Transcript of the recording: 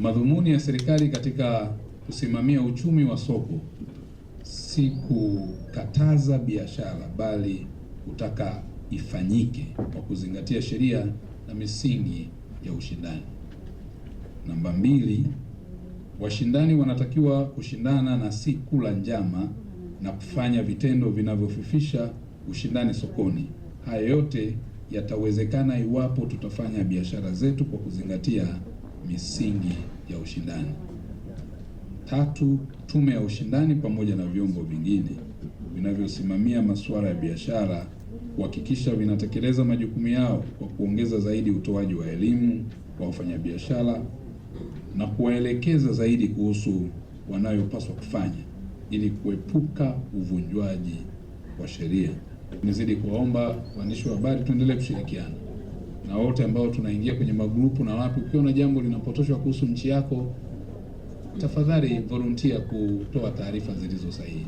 Madhumuni ya serikali katika kusimamia uchumi wa soko si kukataza biashara, bali kutaka ifanyike kwa kuzingatia sheria na misingi ya ushindani. Namba mbili, washindani wanatakiwa kushindana na si kula njama na kufanya vitendo vinavyofifisha ushindani sokoni. Haya yote yatawezekana iwapo tutafanya biashara zetu kwa kuzingatia misingi ya ushindani. Tatu, tume ya ushindani pamoja na vyombo vingine vinavyosimamia masuala ya biashara kuhakikisha vinatekeleza majukumu yao kwa kuongeza zaidi utoaji wa elimu kwa wafanyabiashara na kuwaelekeza zaidi kuhusu wanayopaswa kufanya ili kuepuka uvunjwaji wa sheria. Nizidi kuwaomba waandishi wa habari tuendelee kushirikiana na wote ambao tunaingia kwenye magrupu na wapi, ukiona jambo linapotoshwa kuhusu nchi yako, tafadhali volunteer kutoa taarifa zilizo sahihi.